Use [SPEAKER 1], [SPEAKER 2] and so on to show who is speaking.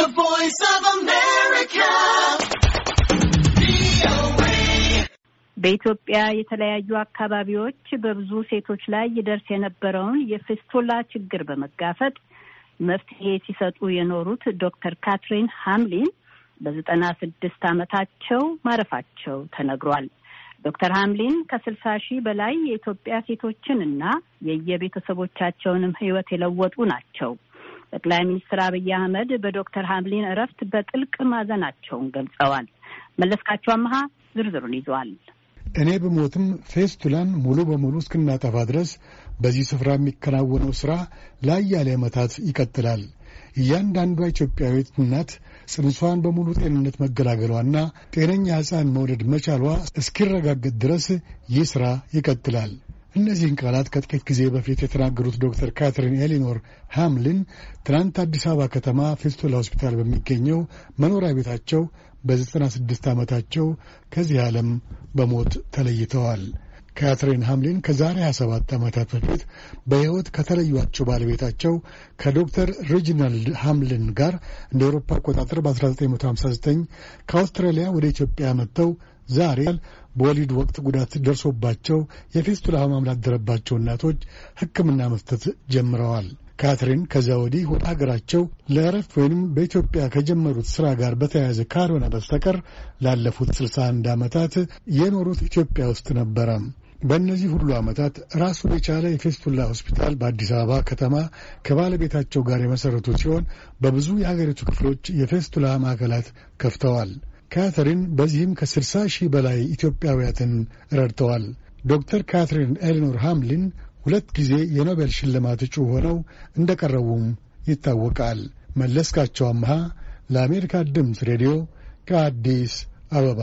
[SPEAKER 1] The Voice of America. በኢትዮጵያ የተለያዩ አካባቢዎች በብዙ ሴቶች ላይ ይደርስ የነበረውን የፊስቱላ ችግር በመጋፈጥ መፍትሄ ሲሰጡ የኖሩት ዶክተር ካትሪን ሃምሊን በዘጠና ስድስት ዓመታቸው ማረፋቸው ተነግሯል። ዶክተር ሃምሊን ከስልሳ ሺህ በላይ የኢትዮጵያ ሴቶችን እና የየቤተሰቦቻቸውንም ሕይወት የለወጡ ናቸው። ጠቅላይ ሚኒስትር አብይ አህመድ በዶክተር ሀምሊን እረፍት በጥልቅ ማዘናቸውን ገልጸዋል። መለስካቸው አመሀ ዝርዝሩን ይዘዋል።
[SPEAKER 2] እኔ ብሞትም ፌስቱላን ሙሉ በሙሉ እስክናጠፋ ድረስ በዚህ ስፍራ የሚከናወነው ሥራ ለአያሌ ዓመታት ይቀጥላል። እያንዳንዷ ኢትዮጵያዊት እናት ጽንሷን በሙሉ ጤንነት መገላገሏና ጤነኛ ሕፃን መውለድ መቻሏ እስኪረጋገጥ ድረስ ይህ ሥራ ይቀጥላል። እነዚህን ቃላት ከጥቂት ጊዜ በፊት የተናገሩት ዶክተር ካትሪን ኤሊኖር ሃምሊን ትናንት አዲስ አበባ ከተማ ፊስቱላ ሆስፒታል በሚገኘው መኖሪያ ቤታቸው በ96 ዓመታቸው ከዚህ ዓለም በሞት ተለይተዋል። ካትሪን ሃምሊን ከዛሬ 27 ዓመታት በፊት በሕይወት ከተለዩቸው ባለቤታቸው ከዶክተር ሬጂናልድ ሃምሊን ጋር እንደ አውሮፓ አቆጣጠር በ1959 ከአውስትራሊያ ወደ ኢትዮጵያ መጥተው ዛሬ በወሊድ ወቅት ጉዳት ደርሶባቸው የፌስቱላ ሕማም ላደረባቸው እናቶች ሕክምና መስጠት ጀምረዋል። ካትሪን ከዚያ ወዲህ ወደ አገራቸው ለእረፍት ወይንም በኢትዮጵያ ከጀመሩት ስራ ጋር በተያያዘ ካልሆነ በስተቀር ላለፉት 61 ዓመታት የኖሩት ኢትዮጵያ ውስጥ ነበረ። በእነዚህ ሁሉ ዓመታት ራሱ የቻለ የፌስቱላ ሆስፒታል በአዲስ አበባ ከተማ ከባለቤታቸው ጋር የመሠረቱ ሲሆን በብዙ የአገሪቱ ክፍሎች የፌስቱላ ማዕከላት ከፍተዋል። ካትሪን በዚህም ከ60 ሺህ በላይ ኢትዮጵያውያትን ረድተዋል። ዶክተር ካትሪን ኤሊኖር ሃምሊን ሁለት ጊዜ የኖቤል ሽልማት እጩ ሆነው እንደቀረቡም ይታወቃል። መለስካቸው አምሃ ለአሜሪካ ድምፅ ሬዲዮ ከአዲስ አበባ